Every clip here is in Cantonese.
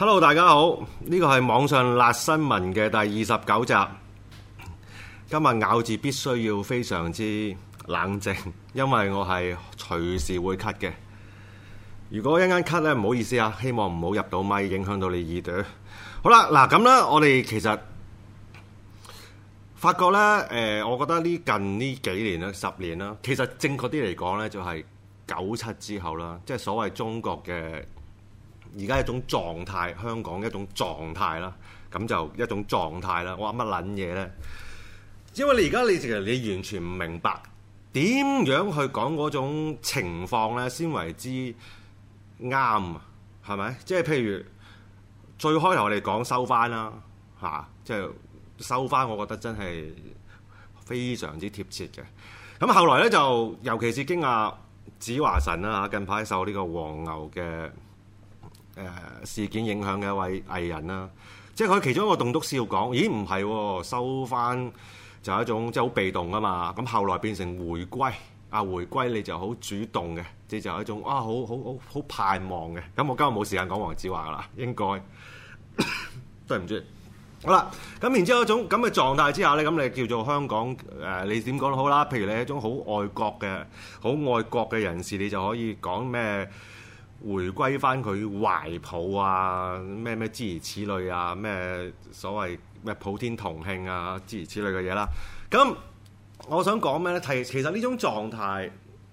Hello，大家好，呢個係網上辣新聞嘅第二十九集。今日咬字必須要非常之冷靜，因為我係隨時會咳嘅。如果一陣咳呢，唔好意思啊，希望唔好入到咪影響到你耳朵。好啦，嗱咁呢，我哋其實發覺呢，誒，我覺得呢近呢幾年啦，十年啦，其實正確啲嚟講呢，就係九七之後啦，即係所謂中國嘅。而家一種狀態，香港一種狀態啦，咁就一種狀態啦。我話乜撚嘢咧？因為你而家你其實你完全唔明白點樣去講嗰種情況咧，先為之啱係咪？即係譬如最開頭我哋講收翻啦，嚇、啊，即係收翻，我覺得真係非常之貼切嘅。咁、啊、後來咧，就尤其是經阿子華神啦、啊、近排受呢個黃牛嘅。誒事件影響嘅一位藝人啦，即係佢其中一個棟篤笑講，咦唔係、啊，收翻就係一種即係好被動啊嘛。咁後來變成回歸啊，回歸你就好主動嘅，即就係、係、一種啊，好好好好、好盼望嘅。咁我今日冇時間講黃子華㗎啦，應該 對唔住。好啦，咁然之後一種咁嘅狀態之下咧，咁你叫做香港誒，你點講都好啦。譬如你係一種好愛國嘅、好愛國嘅人士，你就可以講咩？回歸翻佢懷抱啊，咩咩諸如此類啊，咩所謂咩普天同慶啊，諸如此類嘅嘢啦。咁我想講咩咧？提其實呢種狀態，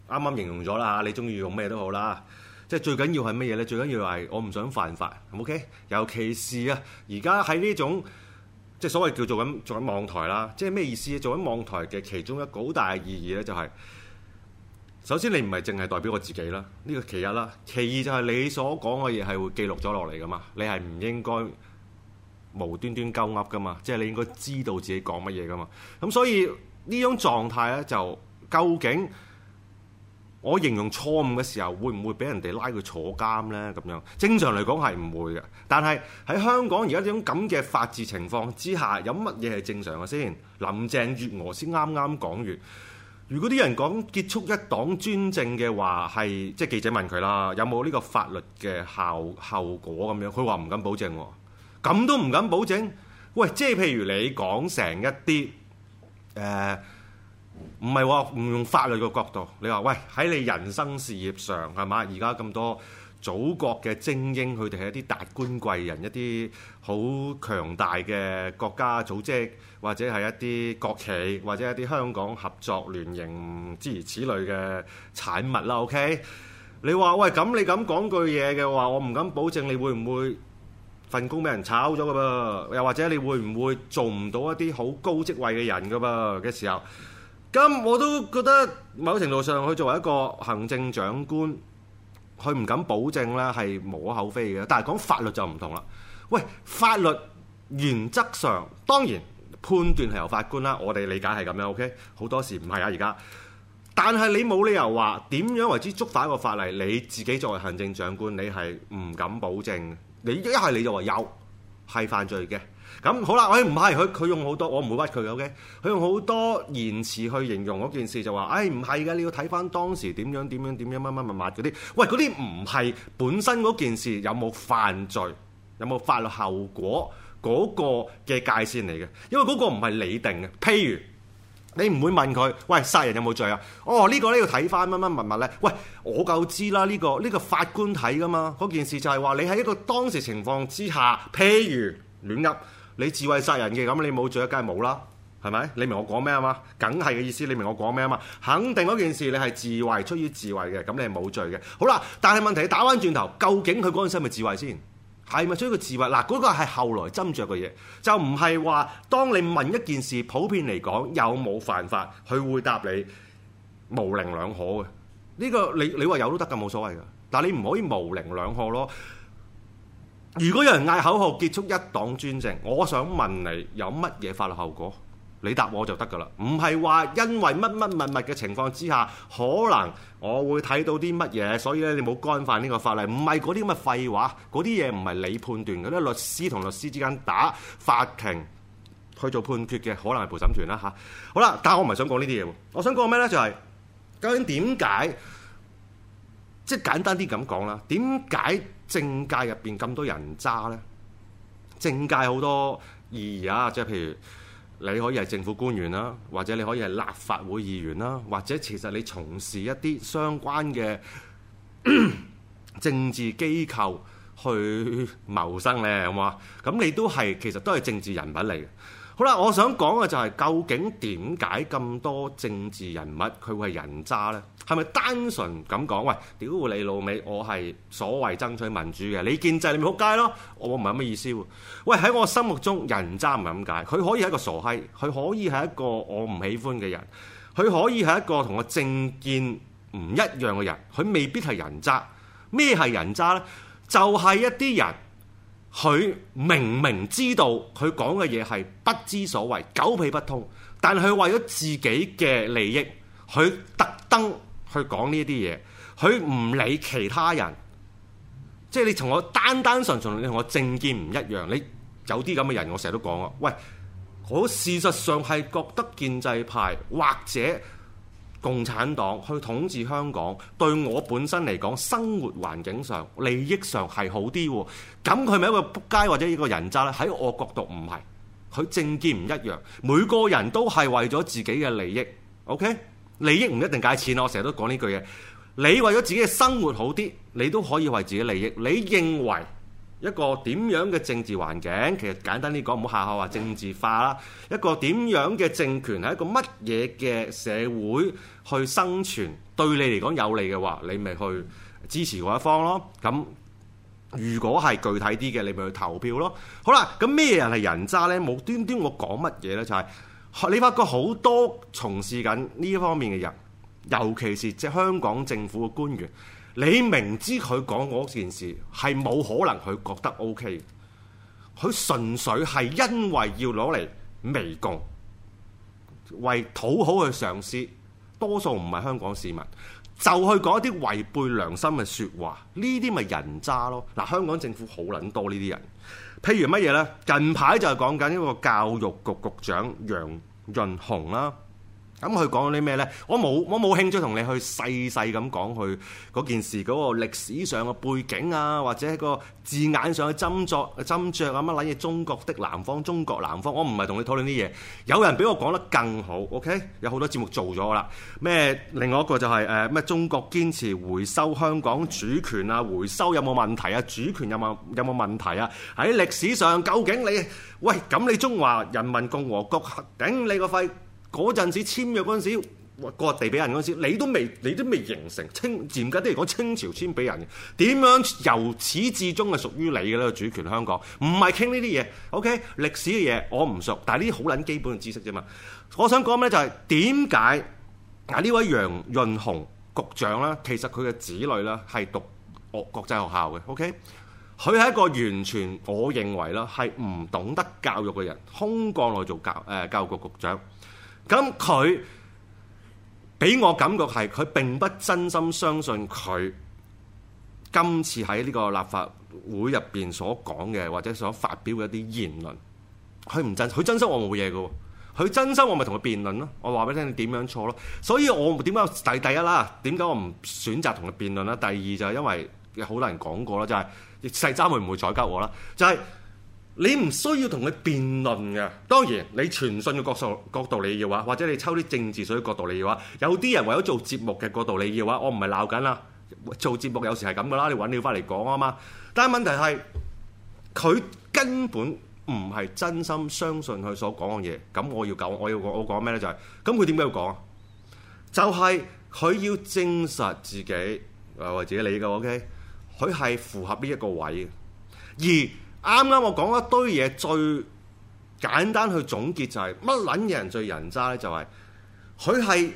啱啱形容咗啦，你中意用咩都好啦。即係最緊要係乜嘢咧？最緊要係我唔想犯法，OK？尤其是啊，而家喺呢種即係所謂叫做緊做緊網台啦，即係咩意思？做緊網台嘅其中一個好大嘅意義咧、就係，就係。首先你唔係淨係代表我自己啦，呢個其一啦。其二就係你所講嘅嘢係會記錄咗落嚟噶嘛，你係唔應該無端端鳩噏噶嘛，即係你應該知道自己講乜嘢噶嘛。咁所以呢種狀態咧，就究竟我形容錯誤嘅時候，會唔會俾人哋拉佢坐監咧？咁樣正常嚟講係唔會嘅。但係喺香港而家呢種咁嘅法治情況之下，有乜嘢係正常嘅先？林鄭月娥先啱啱講完。如果啲人講結束一黨專政嘅話，係即係記者問佢啦，有冇呢個法律嘅效，效果咁樣？佢話唔敢保證喎，咁都唔敢保證。喂，即係譬如你講成一啲誒，唔係話唔用法律嘅角度，你話喂喺你人生事業上係嘛？而家咁多。祖國嘅精英，佢哋係一啲達官貴人，一啲好強大嘅國家組織，或者係一啲國企，或者一啲香港合作聯營之如此類嘅產物啦。OK，你話喂咁，你咁講句嘢嘅話，我唔敢保證你會唔會份工俾人炒咗㗎噃，又或者你會唔會做唔到一啲好高職位嘅人㗎噃嘅時候，咁我都覺得某程度上佢作為一個行政長官。佢唔敢保證啦，係無可厚非嘅。但係講法律就唔同啦。喂，法律原則上當然判斷係由法官啦。我哋理解係咁樣，OK？好多時唔係啊，而家。但係你冇理由話點樣為之觸犯一個法例，你自己作為行政長官，你係唔敢保證。你一係你就話有係犯罪嘅。咁好啦，喂、哎，唔係佢佢用好多，我唔會屈佢嘅。OK，佢用好多言詞去形容嗰件事，就話，誒唔係嘅，你要睇翻當時點樣點樣點樣乜乜乜物嗰啲。喂，嗰啲唔係本身嗰件事有冇犯罪、有冇法律後果嗰個嘅界線嚟嘅。因為嗰個唔係你定嘅。譬如你唔會問佢，喂，殺人有冇罪啊？哦，呢個咧要睇翻乜乜物物咧。喂，我夠知啦，呢個呢個法官睇噶嘛。嗰件事就係話你喺一個當時情況之下，譬如亂噏。你自衛殺人嘅咁，你冇罪，梗係冇啦，係咪？你明我講咩啊嘛？梗係嘅意思，你明我講咩啊嘛？肯定嗰件事，你係自衛，出於自衛嘅，咁你係冇罪嘅。好啦，但係問題打翻轉頭，究竟佢嗰陣時係咪自衛先？係咪出於個自衛？嗱，嗰個係後來斟酌嘅嘢，就唔係話當你問一件事，普遍嚟講有冇犯法，佢會答你模棱兩可嘅。呢個你你話有都得嘅，冇所謂嘅，但係你唔可以模棱兩可咯。如果有人嗌口號結束一黨專政，我想問你有乜嘢法律後果？你答我就得噶啦，唔係話因為乜乜乜乜嘅情況之下，可能我會睇到啲乜嘢，所以咧你冇干犯呢個法例，唔係嗰啲咁嘅廢話，嗰啲嘢唔係你判斷，嗰啲律師同律師之間打法庭去做判決嘅，可能係陪審團啦吓。好啦，但係我唔係想講呢啲嘢，我想講咩咧？就係究竟點解，即係簡單啲咁講啦，點解？政界入面咁多人渣呢？政界好多議員啊，即係譬如你可以係政府官員啦、啊，或者你可以係立法會議員啦、啊，或者其實你從事一啲相關嘅 政治機構去謀生呢、啊。咁你都係其實都係政治人物嚟嘅。好啦，我想講嘅就係究竟點解咁多政治人物佢會係人渣呢？係咪單純咁講喂？屌你老味，我係所謂爭取民主嘅，你建制你咪仆街咯！我唔係乜意思喎。喂，喺我心目中人渣唔係咁解，佢可以係一個傻閪，佢可以係一個我唔喜歡嘅人，佢可以係一個同我政見唔一樣嘅人，佢未必係人渣。咩係人渣呢？就係一啲人。佢明明知道佢講嘅嘢係不知所謂、狗屁不通，但係佢為咗自己嘅利益，佢特登去講呢啲嘢，佢唔理其他人。即係你同我單單純純，你同我政見唔一樣，你有啲咁嘅人，我成日都講啊。喂，我事實上係覺得建制派或者。共產黨去統治香港，對我本身嚟講，生活環境上、利益上係好啲喎。咁佢咪一個仆街或者一個人渣咧？喺我角度唔係，佢政見唔一樣。每個人都係為咗自己嘅利益，OK？利益唔一定介錢咯。我成日都講呢句嘢。你為咗自己嘅生活好啲，你都可以為自己利益。你認為一個點樣嘅政治環境，其實簡單啲講，唔好下下話政治化啦。一個點樣嘅政權係一個乜嘢嘅社會去生存，對你嚟講有利嘅話，你咪去支持嗰一方咯。咁如果係具體啲嘅，你咪去投票咯。好啦，咁咩人係人渣呢？無端端我講乜嘢呢？就係、是、你發覺好多從事緊呢一方面嘅人，尤其是即係香港政府嘅官員。你明知佢講嗰件事係冇可能，佢覺得 OK，佢純粹係因為要攞嚟微共，為討好佢上司，多數唔係香港市民就去講一啲違背良心嘅説話，呢啲咪人渣咯？嗱，香港政府好撚多呢啲人，譬如乜嘢呢？近排就係講緊一個教育局局長楊潤雄啦。咁佢講啲咩呢？我冇，我冇興趣同你去細細咁講，佢嗰件事嗰個歷史上嘅背景啊，或者個字眼上去斟酌斟酌啊乜撚嘢？中國的南方，中國南方，我唔係同你討論啲嘢。有人俾我講得更好，OK？有好多節目做咗啦。咩？另外一個就係誒咩？中國堅持回收香港主權啊，回收有冇問題啊？主權有冇有冇問題啊？喺歷史上究竟你喂咁？你中華人民共和國頂你個肺？嗰陣時簽約嗰陣時，割地俾人嗰陣時，你都未，你都未形成清嚴格啲嚟講清朝簽俾人嘅點樣由始至終係屬於你嘅呢個？主權香港唔係傾呢啲嘢。O、okay? K. 歷史嘅嘢我唔熟，但係呢啲好撚基本嘅知識啫嘛。我想講咩、就係，就係點解嗱呢位楊潤雄局長咧，其實佢嘅子女咧係讀國國際學校嘅。O K. 佢係一個完全我認為咧係唔懂得教育嘅人，空降來做教誒、呃、教育局局長。咁佢俾我感覺係佢並不真心相信佢今次喺呢個立法會入邊所講嘅或者所發表嘅一啲言論，佢唔真心，佢真心我冇嘢嘅，佢真心我咪同佢辯論咯，我話俾你聽你點樣錯咯，所以我點解第第一啦？點解我唔選擇同佢辯論啦？第二就係因為有好多人講過啦，就係細爭會唔會睬鳩我啦？就係、是。你唔需要同佢辯論嘅。當然，你傳信嘅角度角度嚟嘅話，或者你抽啲政治水角度你要話，有啲人為咗做節目嘅角度你要話，我唔係鬧緊啦。做節目有時係咁噶啦，你揾料翻嚟講啊嘛。但係問題係佢根本唔係真心相信佢所講嘅嘢。咁我要講，我要我講咩咧？就係咁，佢點解要講啊？就係佢要證實自己，或者你嘅 OK，佢係符合呢一個位，而。啱啱我講一堆嘢，最簡單去總結就係乜撚嘢人最人渣咧？就係佢係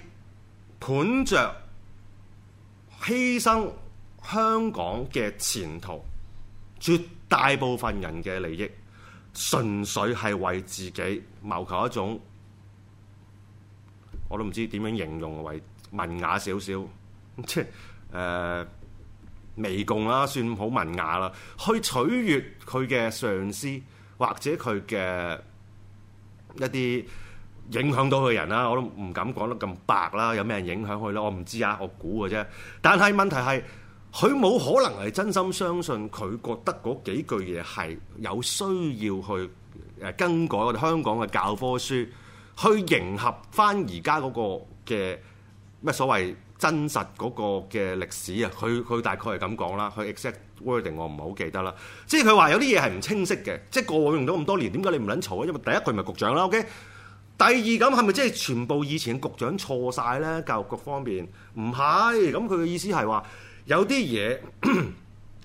本着犧牲香港嘅前途、絕大部分人嘅利益，純粹係為自己謀求一種，我都唔知點樣形容為文雅少少，切 誒、呃。微共啦，算好文雅啦，去取悅佢嘅上司或者佢嘅一啲影響到佢人啦，我都唔敢講得咁白啦。有咩人影響佢咧？我唔知啊，我估嘅啫。但係問題係，佢冇可能係真心相信佢覺得嗰幾句嘢係有需要去誒更改我哋香港嘅教科書，去迎合翻而家嗰個嘅咩所謂。真實嗰個嘅歷史啊，佢佢大概係咁講啦，佢 exact wording 我唔係好記得啦。即係佢話有啲嘢係唔清晰嘅，即係過往用咗咁多年，點解你唔撚嘈咧？因為第一句咪局長啦，OK？第二咁係咪即係全部以前局長錯晒咧？教育局方面唔係，咁佢嘅意思係話有啲嘢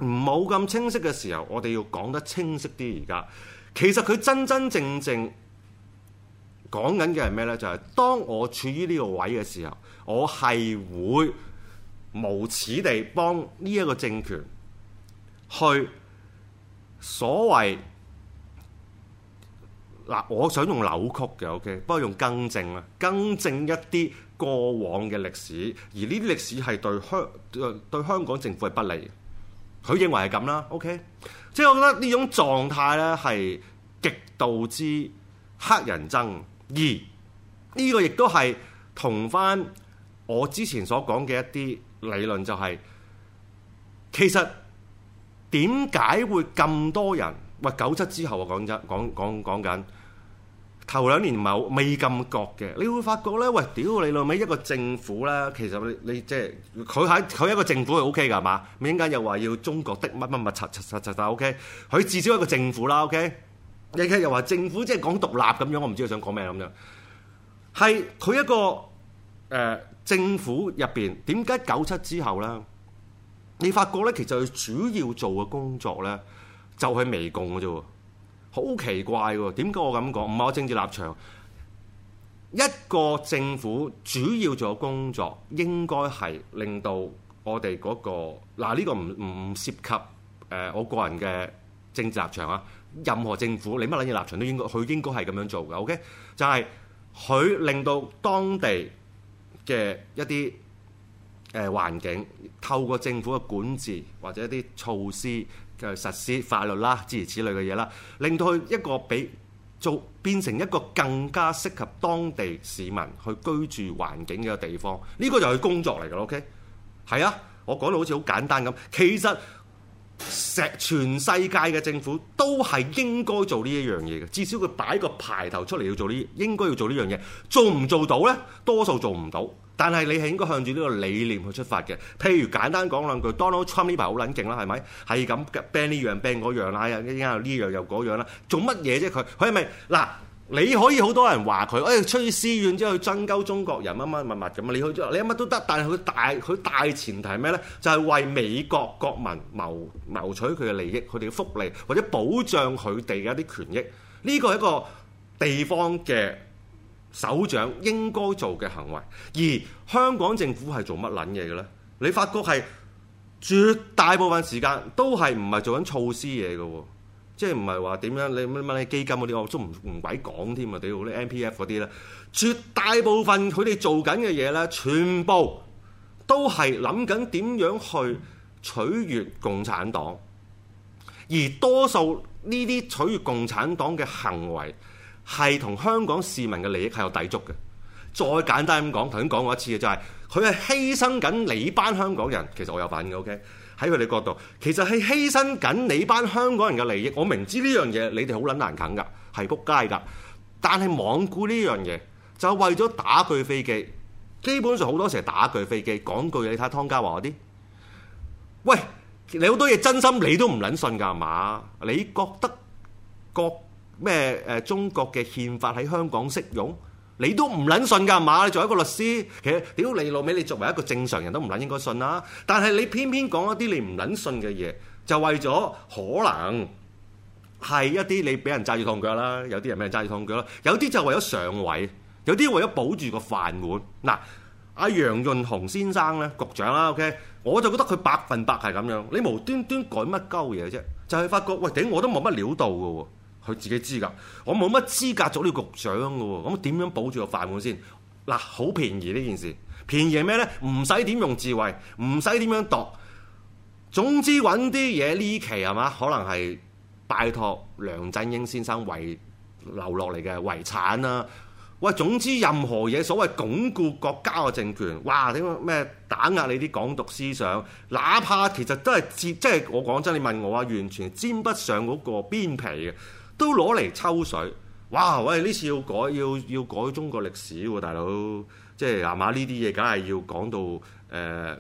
唔冇咁清晰嘅時候，我哋要講得清晰啲而家。其實佢真真正正講緊嘅係咩咧？就係、是、當我處於呢個位嘅時候。我係會無恥地幫呢一個政權去所謂嗱，我想用扭曲嘅，OK，不過用更正啦，更正一啲過往嘅歷史，而呢啲歷史係對香對，對香港政府係不利。佢認為係咁啦，OK，即係我覺得呢種狀態咧係極度之黑人憎，而呢個亦都係同翻。我之前所講嘅一啲理論就係、是，其實點解會咁多人？喂，九七之後啊，講真，講講講緊頭兩年唔係未咁覺嘅。你會發覺咧，喂，屌你老味一個政府啦，其實你你即係佢喺佢一個政府係 O K 㗎嘛？點解又話要中國的乜乜乜七七七七但 O K？佢至少一個政府啦，O K。你又話政府即係講獨立咁樣，我唔知佢想講咩啦咁樣。係佢一個誒。呃政府入邊點解九七之後呢？你發覺呢，其實佢主要做嘅工作呢，就係微共嘅啫，好奇怪喎！點解我咁講？唔係我政治立場，一個政府主要做工作應該係令到我哋嗰個嗱呢個唔唔涉及誒我個人嘅政治立場啊！任何政府你乜撚嘢立場都應該佢應該係咁樣做嘅。OK，就係佢令到當地。嘅一啲誒、呃、環境，透過政府嘅管治或者一啲措施嘅實施法律啦，諸如此類嘅嘢啦，令到佢一個比做變成一個更加適合當地市民去居住環境嘅地方，呢、呢個就係工作嚟嘅啦。OK，係啊，我講到好似好簡單咁，其實。石全世界嘅政府都係應該做呢一樣嘢嘅，至少佢擺個牌頭出嚟要做呢、這個，應該要做呢樣嘢。做唔做到呢？多數做唔到。但係你係應該向住呢個理念去出發嘅。譬如簡單講兩句，Donald Trump 呢排好撚勁啦，係咪？係咁 ban 呢樣 ban 嗰樣啦，Yang, Yang, Yang, 又依家又呢樣又嗰樣啦，做乜嘢啫佢？佢係咪嗱？你可以好多人話佢，誒、哎、出私怨之後去爭鳩中國人乜乜乜乜。咁你去你乜都得，但係佢大佢大前提係咩呢？就係、是、為美國國民謀謀取佢嘅利益，佢哋嘅福利或者保障佢哋嘅一啲權益。呢個係一個地方嘅首長應該做嘅行為。而香港政府係做乜撚嘢嘅呢？你發覺係絕大部分時間都係唔係做緊措施嘢嘅喎。即係唔係話點樣？你問問基金嗰啲，我都唔唔鬼講添啊！屌你 M P F 嗰啲咧，絕大部分佢哋做緊嘅嘢咧，全部都係諗緊點樣去取悅共產黨，而多數呢啲取悅共產黨嘅行為係同香港市民嘅利益係有抵觸嘅。再簡單咁講，頭先講過一次嘅就係佢係犧牲緊你班香港人。其實我有份嘅，OK。喺佢哋角度，其實係犧牲緊你班香港人嘅利益。我明知呢樣嘢，你哋好撚難啃㗎，係仆街㗎。但係罔顧呢樣嘢，就係為咗打佢飛機。基本上好多時候打佢飛機講句嘢，你睇下湯家驊嗰啲。喂，你好多嘢真心，你都唔撚信㗎嘛？你覺得國咩誒中國嘅憲法喺香港適用？你都唔撚信㗎嘛？你作為一個律師，其實屌你老味。你作為一個正常人都唔撚應該信啦。但係你偏偏講一啲你唔撚信嘅嘢，就為咗可能係一啲你俾人揸住痛腳啦。有啲人俾人揸住痛腳啦，有啲就為咗上位，有啲為咗保住個飯碗。嗱，阿楊潤雄先生咧，局長啦，OK，我就覺得佢百分百係咁樣。你無端端改乜鳩嘢啫？就係發覺，喂，頂，我都冇乜料到㗎喎。佢自己知㗎，我冇乜資格做呢個局長㗎喎，咁點樣保住個飯碗先？嗱、啊，好便宜呢件事，便宜咩呢？唔使點用智慧，唔使點樣度，總之揾啲嘢呢期係嘛？可能係拜託梁振英先生遺留落嚟嘅遺產啦、啊。喂，總之任何嘢所謂鞏固國家嘅政權，哇！點咩打壓你啲港獨思想？哪怕其實都係沾，即係我講真，你問我啊，完全沾不上嗰個邊皮嘅。都攞嚟抽水，哇！喂，呢次要改，要要改中國歷史喎、啊，大佬，即係阿馬呢啲嘢，梗係要講到誒、呃，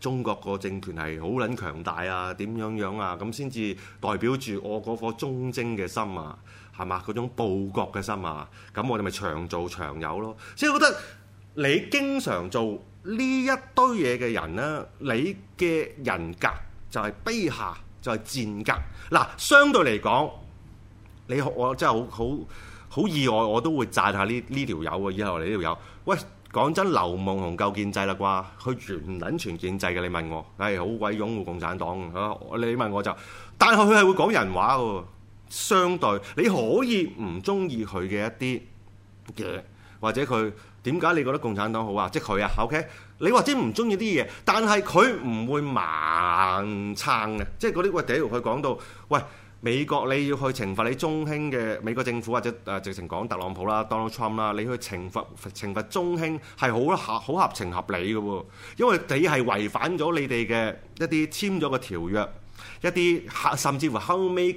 中國個政權係好捻強大啊，點樣樣啊，咁先至代表住我嗰顆忠貞嘅心啊，係嘛？嗰種報國嘅心啊，咁我哋咪長做長有咯。所以我覺得你經常做呢一堆嘢嘅人呢，你嘅人格就係卑下，就係、是、賤格。嗱，相對嚟講。你我真係好好意外，我都會讚下呢呢條友啊。以後你呢條友。喂，講真，劉夢熊夠建制啦啩，佢完撚全建制嘅。你問我，係好鬼擁護共產黨啊！你問我就，但係佢係會講人話喎。相對你可以唔中意佢嘅一啲嘅，或者佢點解你覺得共產黨好啊？即係佢啊，OK？你或者唔中意啲嘢，但係佢唔會盲撐嘅，即係嗰啲喂屌，佢講到喂。美國你要去懲罰你中興嘅美國政府或者誒直情講特朗普啦 Donald Trump 啦，你去懲罰懲罰中興係好合好合情合理嘅喎，因為你係違反咗你哋嘅一啲簽咗個條約，一啲甚至乎後尾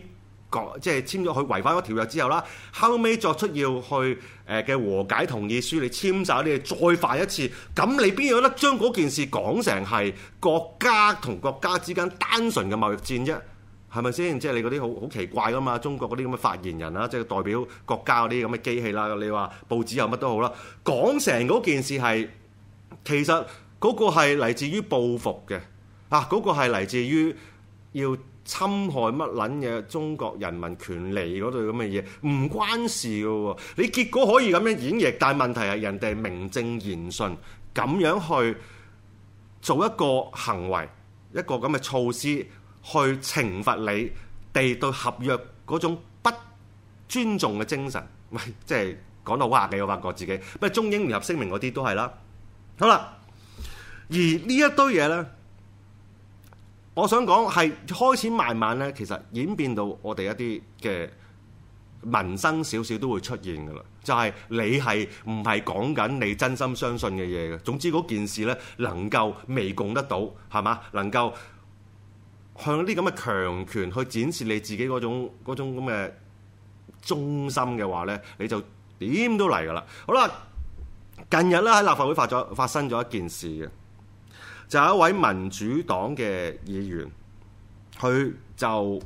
講即係簽咗佢違反嗰條約之後啦，後尾作出要去誒嘅和解同意書你簽晒，你哋再犯一次，咁你邊有得將嗰件事講成係國家同國家之間單純嘅貿易戰啫？係咪先？即係、就是、你嗰啲好好奇怪噶嘛？中國嗰啲咁嘅發言人啦，即、就、係、是、代表國家嗰啲咁嘅機器啦。你話報紙又乜都好啦，講成嗰件事係其實嗰個係嚟自於報復嘅啊！嗰、那個係嚟自於要侵害乜撚嘅中國人民權利嗰度咁嘅嘢，唔關事嘅喎。你結果可以咁樣演繹，但係問題係人哋名正言順咁樣去做一個行為，一個咁嘅措施。去懲罰你哋對合約嗰種不尊重嘅精神，喂， 即係講到哇你我發覺自己，乜中英聯合聲明嗰啲都係啦。好啦，而呢一堆嘢咧，我想講係開始慢慢咧，其實演變到我哋一啲嘅民生少少都會出現㗎啦。就係、是、你係唔係講緊你真心相信嘅嘢嘅？總之嗰件事咧，能夠未共得到，係嘛？能夠。向啲咁嘅強權去展示你自己嗰種嗰種咁嘅忠心嘅話咧，你就點都嚟噶啦！好啦，近日咧，喺立法會發咗發生咗一件事嘅，就有一位民主黨嘅議員，佢就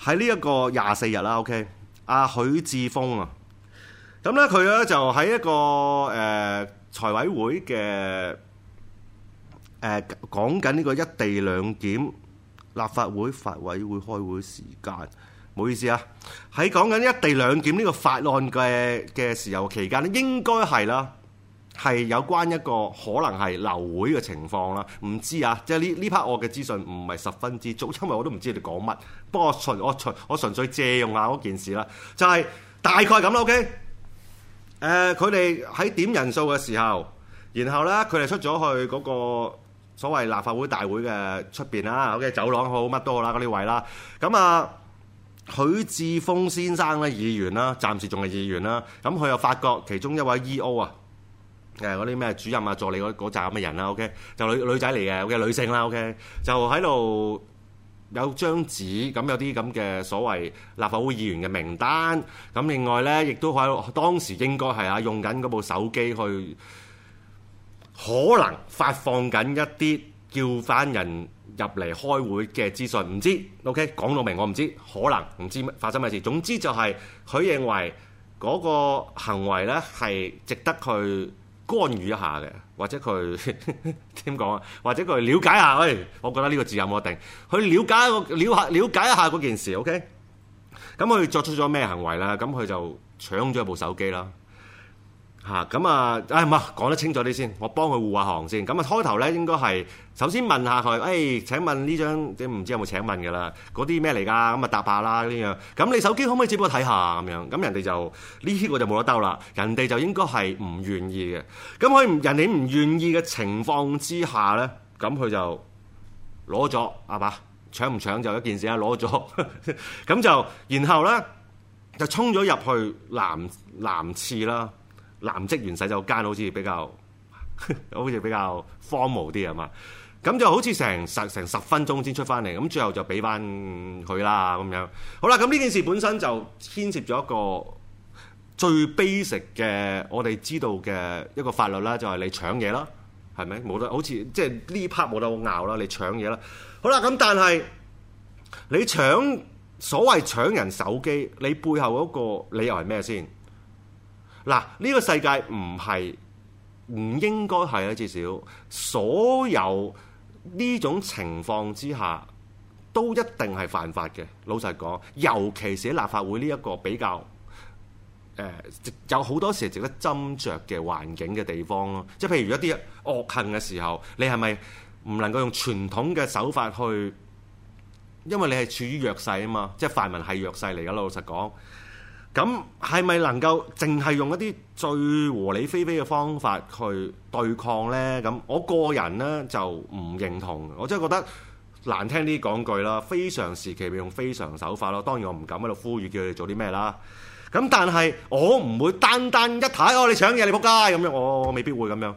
喺呢一個廿四日啦。OK，阿、啊、許志峰啊，咁咧佢咧就喺一個誒、呃、財委會嘅。誒講緊呢個一地兩檢立法會法委會開會時間，唔好意思啊！喺講緊一地兩檢呢個法案嘅嘅時候期間咧，應該係啦，係有關一個可能係流會嘅情況啦。唔知啊，即係呢呢 part 我嘅資訊唔係十分之足，因為我都唔知你哋講乜。不過純我純我純粹借用下嗰件事啦，就係、是、大概咁啦。OK，佢哋喺點人數嘅時候，然後呢，佢哋出咗去嗰、那個。所謂立法會大會嘅出邊啦，OK，走廊好乜都好啦，嗰啲位啦。咁啊，許智峰先生咧，議員啦，暫時仲係議員啦。咁佢又發覺其中一位 E.O. 啊，誒嗰啲咩主任啊、助理嗰嗰扎咁嘅人啦，OK，就女女仔嚟嘅，嘅女性啦，OK，就喺度有張紙，咁有啲咁嘅所謂立法會議員嘅名單。咁另外咧，亦都喺當時應該係啊，用緊嗰部手機去。可能發放緊一啲叫翻人入嚟開會嘅資訊，唔知，OK，講到明我唔知，可能唔知乜發生咩事。總之就係佢認為嗰個行為呢係值得去干預一下嘅，或者佢點講啊？ 或者佢瞭解下，喂、哎，我覺得呢個字有冇一定？佢瞭解個了下，了解一下嗰件事，OK？咁佢作出咗咩行為啦？咁佢就搶咗部手機啦。嚇咁啊！唉唔啊，講得清楚啲先，我幫佢護下航先。咁、嗯、啊，開頭咧應該係首先問下佢，誒、哎？請問呢張唔知有冇請問嘅啦？嗰啲咩嚟㗎？咁啊答下啦，呢樣。咁、嗯、你手機可唔可以借俾我睇下咁樣？咁人哋就呢啲我就冇得兜啦。人哋就應該係唔願意嘅。咁佢人哋唔願意嘅情況之下咧，咁佢就攞咗啊嘛！搶唔搶就一件事啦。攞咗咁就，然後咧就衝咗入去男男廁啦。男職員洗手間好似比較， 好似比較荒謬啲啊嘛，咁就好似成十成十分鐘先出翻嚟，咁最後就俾翻佢啦咁樣。好啦，咁呢件事本身就牽涉咗一個最 basic 嘅我哋知道嘅一個法律啦，就係、是、你搶嘢啦，係咪？冇得好似即係呢 part 冇得拗啦，你搶嘢啦。好啦，咁但係你搶所謂搶人手機，你背後嗰個理由係咩先？嗱，呢個世界唔係唔應該係啊，至少所有呢種情況之下都一定係犯法嘅。老實講，尤其係立法會呢一個比較誒、呃、有好多時值得斟酌嘅環境嘅地方咯。即係譬如一啲惡行嘅時候，你係咪唔能夠用傳統嘅手法去？因為你係處於弱勢啊嘛，即係泛民係弱勢嚟㗎。老實講。咁係咪能夠淨係用一啲最和理非非嘅方法去對抗呢？咁我個人呢就唔認同，我真係覺得難聽啲講句啦，非常時期咪用非常手法咯。當然我唔敢喺度呼籲叫你做啲咩啦。咁但係我唔會單單一睇哦，你搶嘢你仆街咁樣，我未必會咁樣。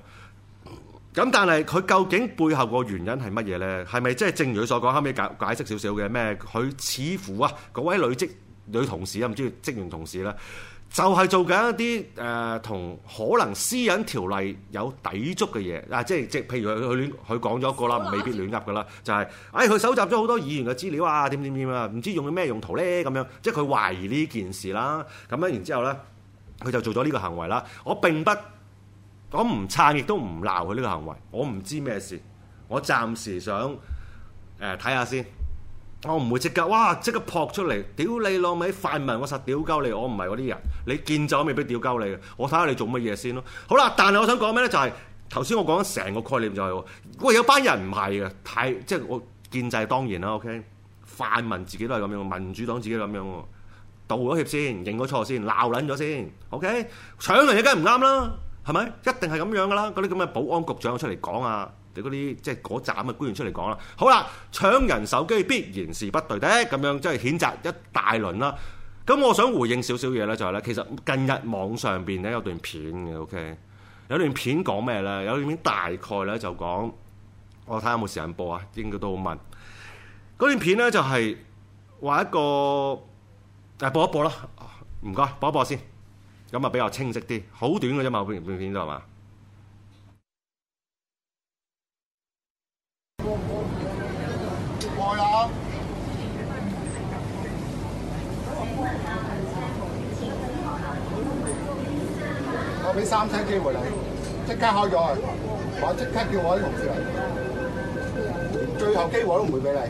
咁但係佢究竟背後個原因係乜嘢呢？係咪即係正如佢所講，後尾解解釋少少嘅咩？佢似乎啊嗰位女職，女同事啊，唔知，意職員同事啦，就係做緊一啲誒同可能私隱條例有抵觸嘅嘢，嗱、啊，即係即係譬如佢佢亂佢講咗一個啦，未必亂噏㗎啦，就係誒佢搜集咗好多議員嘅資料啊，點點點啊，唔知用咗咩用途咧，咁樣即係佢懷疑呢件事啦，咁樣然之後咧，佢就做咗呢個行為啦。我並不講唔撐，亦都唔鬧佢呢個行為，我唔知咩事，我暫時想誒睇下先。我唔會即刻，哇！即刻撲出嚟，屌你老米！泛民我實屌鳩你，我唔係嗰啲人。你建制都未必屌鳩你嘅，我睇下你做乜嘢先咯。好啦，但係我想講咩咧？就係頭先我講成個概念就係、是，喂有班人唔係嘅，太即係我建制當然啦。OK，泛民自己都係咁樣，民主黨自己都係咁樣，道咗歉先，認咗錯先，鬧撚咗先。OK，搶人嘢梗係唔啱啦，係咪？一定係咁樣噶啦，嗰啲咁嘅保安局長出嚟講啊！嗰啲即係嗰集嘅官員出嚟講啦，好啦，搶人手機必然是不對的咁樣，即係譴責一大輪啦。咁我想回應少少嘢咧，就係、是、咧，其實近日網上邊咧有段片嘅，OK，有段片講咩咧？有段片大概咧就講，我睇下有冇時間播啊，應該都好問。嗰段片咧就係話一個，誒、啊，播一播啦，唔該，播一播先。咁啊比較清晰啲，好短嘅啫嘛，段段片都係嘛。俾三槍機會你，即刻開咗佢，我即刻叫我啲同事嚟，最後機會我都唔會俾你，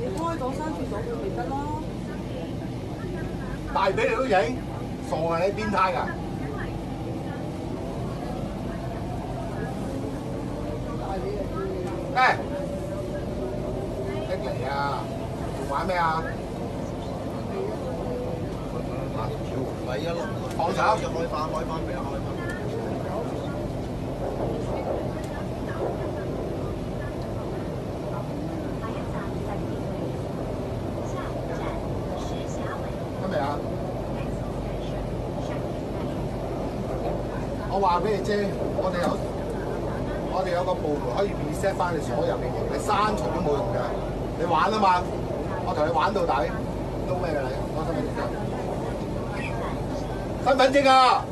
你開咗三次咗佢咪得咯，大髀你都影，傻呀，你變態噶，哎，一嚟呀，仲玩咩啊？我走，要開翻開翻俾你開翻。今日啊！我話俾你知，我哋有我哋有個部門可以 reset 翻你所有嘅嘢，你刪除都冇用㗎。你玩啊嘛，我同你玩到底都咩㗎你？我心裡面。身份證啊，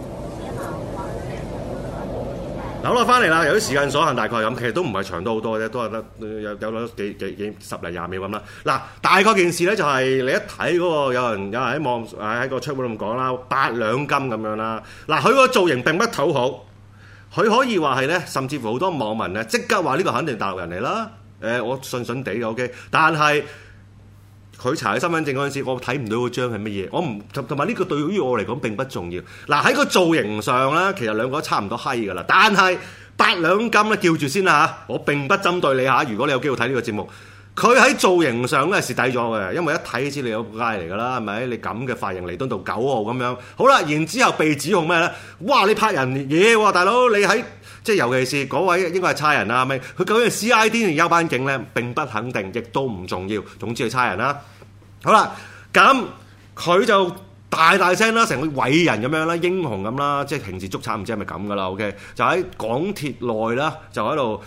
嗱，好啦翻嚟啦，由於時間所限，大概咁，其實都唔係長多好多啫，都係得有有兩幾幾幾十零廿秒咁啦。嗱，大概件事咧就係你一睇嗰個有人有人喺網喺個出邊度咁講啦，八兩金咁樣啦。嗱，佢個造型並不討好，佢可以話係咧，甚至乎好多網民咧即刻話呢個肯定大陸人嚟啦。誒，我信信哋嘅 OK，但係。佢查佢身份證嗰陣時，我睇唔到個章係乜嘢，我唔同埋呢個對於我嚟講並不重要。嗱，喺個造型上咧，其實兩個都差唔多閪噶啦，但係八兩金咧叫住先啦嚇、啊，我並不針對你嚇、啊。如果你有機會睇呢個節目，佢喺造型上咧蝕底咗嘅，因為一睇知你有個街嚟噶啦，係咪？你咁嘅髮型嚟到度九號咁樣，好啦，然之後被指控咩咧？哇！你拍人嘢喎，大佬你喺～即係尤其是嗰位應該係差人啦，咪佢究竟 C.I.D. 定休班警咧？並不肯定，亦都唔重要。總之佢差人啦。好啦，咁佢就大大聲啦，成個偉人咁樣啦，英雄咁啦，即係平時捉賊唔知係咪咁噶啦。OK，就喺港鐵內啦，就喺度。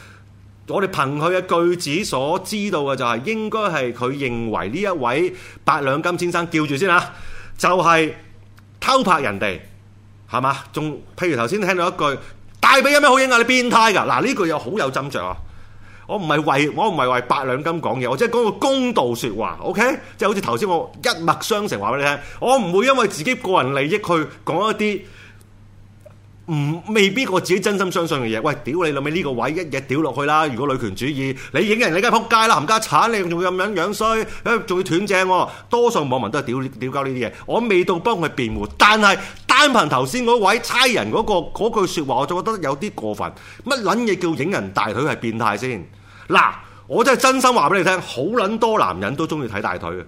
我哋憑佢嘅句子所知道嘅就係應該係佢認為呢一位八兩金先生叫住先嚇，就係偷拍人哋係嘛？仲譬如頭先聽到一句。大髀有咩好影啊！你變態㗎嗱，呢句又好有真相啊！我唔係為我唔係為八兩金講嘢，我即係講個公道説話，OK？即係好似頭先我一脈相承話俾你聽，我唔會因為自己個人利益去講一啲。唔，未必我自己真心相信嘅嘢。喂，屌你諗起呢個位，一日屌落去啦！如果女權主義，你影人你梗係仆街啦，冚家鏟你仲會咁樣樣衰，仲要斷正啊。多數網民都係屌屌鳩呢啲嘢。我未到幫佢辯護，但係單憑頭先嗰位差人嗰句説話，我就覺得有啲過分。乜撚嘢叫影人大腿係變態先？嗱，我真係真心話俾你聽，好撚多男人都中意睇大腿嘅。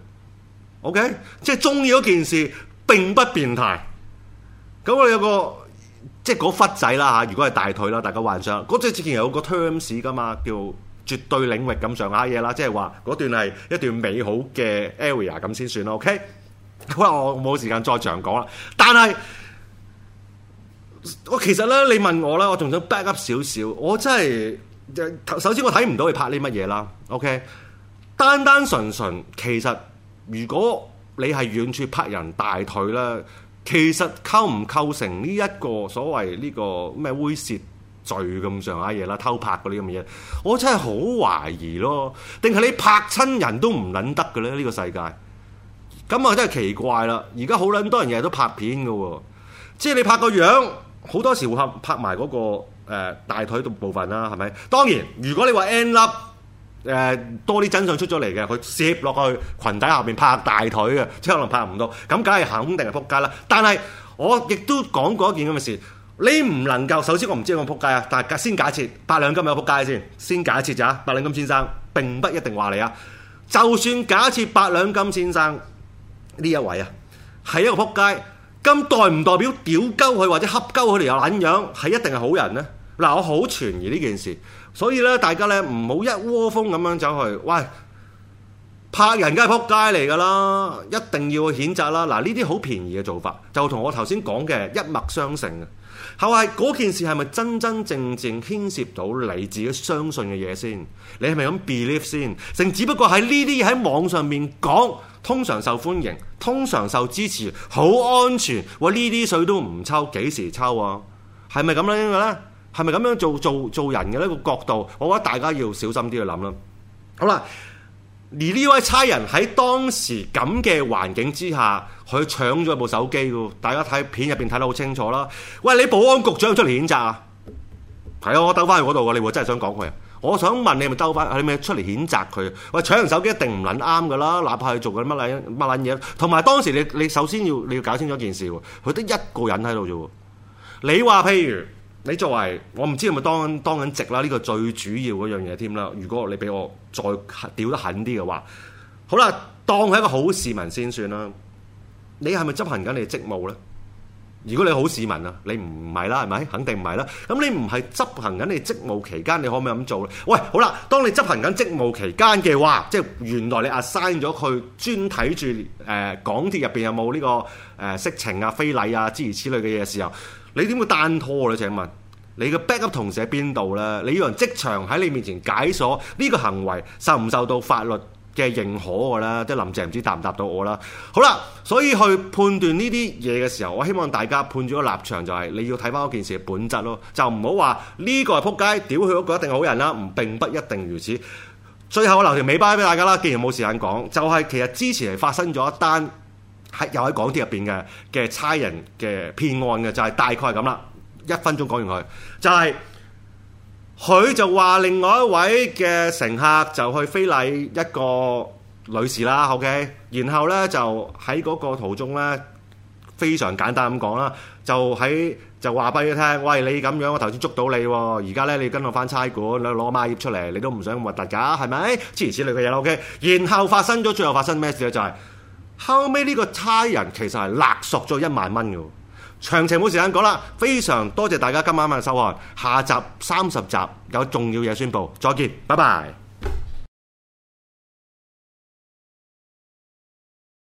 OK，即係中意嗰件事並不變態。咁我有個。即係嗰忽仔啦嚇，如果係大腿啦，大家幻想嗰隻、那個、之前有個 terms 噶嘛，叫絕對領域咁上下嘢啦，即係話嗰段係一段美好嘅 area 咁先算啦。OK， 我我冇時間再長講啦。但係我其實咧，你問我啦，我仲想 back up 少少。我真係首先我睇唔到你拍啲乜嘢啦。OK，單單純純，其實如果你係遠處拍人大腿啦。其實構唔構成呢、呢、一個所謂呢、呢個咩猥褻罪咁上下嘢啦？偷拍嗰啲咁嘅嘢，我真係好懷疑咯。定係你拍親人都唔撚得嘅咧？呢、呢個世界咁啊，真係奇怪啦！而家好撚多人日日都拍片嘅喎，即係你拍個樣，好多時會拍拍埋嗰、嗰個、呃、大腿度部分啦，係咪？當然，如果你話 end up。誒多啲真相出咗嚟嘅，佢攝落去裙底下面拍大腿嘅，即可能拍唔到，咁梗係肯定係撲街啦。但係我亦都講過一件咁嘅事，你唔能夠首先我唔知我撲街啊，但係先假設八兩金有撲街先，先假設咋八兩金先生並不一定話你啊，就算假設八兩金先生呢一位啊係一個撲街，咁代唔代表屌鳩佢或者恰鳩佢嚟又撚樣？係一定係好人呢。嗱，我好存疑呢件事，所以咧，大家咧唔好一窩蜂咁樣走去，喂，拍人家仆街嚟噶啦，一定要去譴責啦。嗱，呢啲好便宜嘅做法，就同我頭先講嘅一脈相承嘅。後係嗰件事係咪真真正正牽涉到你自己相信嘅嘢先？你係咪咁 believe 先？成只不過喺呢啲喺網上面講，通常受歡迎，通常受支持，好安全。哇！呢啲水都唔抽，幾時抽啊？係咪咁樣嘅咧？係咪咁樣做做做人嘅呢個角度？我覺得大家要小心啲去諗啦。好啦，而呢位差人喺當時咁嘅環境之下，佢搶咗部手機噶，大家睇片入邊睇得好清楚啦。喂，你保安局長出嚟譴責啊？係啊，我兜翻去嗰度啊，你話真係想講佢啊？我想問你是是，咪兜翻你咪出嚟譴責佢？喂，搶人手機一定唔捻啱噶啦，哪怕佢做緊乜捻乜捻嘢。同埋當時你你首先要你要搞清楚件事喎，佢得一個人喺度啫。你話譬如。你作為我唔知係咪當當緊值啦，呢個最主要嗰樣嘢添啦。如果你俾我再屌得狠啲嘅話，好啦，當係一個好市民先算啦。你係咪執行緊你嘅職務咧？如果你好市民啊，你唔係啦，係咪？肯定唔係啦。咁你唔係執行緊你職務期間，你可唔可以咁做咧？喂，好啦，當你執行緊職務期間嘅話，即係原來你 Assign 咗佢專睇住誒港鐵入邊有冇呢、呢個誒、呃、色情啊、非禮啊諸如此類嘅嘢嘅時候。你點會單拖咧？請問你個 backup 同事喺邊度咧？你要人即場喺你面前解鎖呢個行為受唔受到法律嘅認可噶咧？即係林鄭唔知答唔答到我啦？好啦，所以去判斷呢啲嘢嘅時候，我希望大家判咗個立場就係、是、你要睇翻嗰件事嘅本質咯，就唔好話呢個係扑街，屌佢嗰個一定係好人啦，並不一定如此。最後我留條尾巴俾大家啦，既然冇時間講，就係、是、其實之前係發生咗一單。喺又喺港鐵入邊嘅嘅差人嘅騙案嘅就係、是、大概係咁啦，一分鐘講完佢就係、是，佢就話另外一位嘅乘客就去非禮一個女士啦，OK，然後咧就喺嗰個途中咧非常簡單咁講啦，就喺就話畀佢聽，喂，你咁樣，我頭先捉到你，而家咧你跟我翻差館，你攞孖葉出嚟，你都唔想咁核突㗎，係咪？諸如此類嘅嘢啦，OK，然後發生咗，最後發生咩事咧？就係、是。後尾呢個差人其實係勒索咗一萬蚊嘅，長情冇時間講啦。非常多謝大家今晚嘅收看，下集三十集有重要嘢宣佈，再見，拜拜。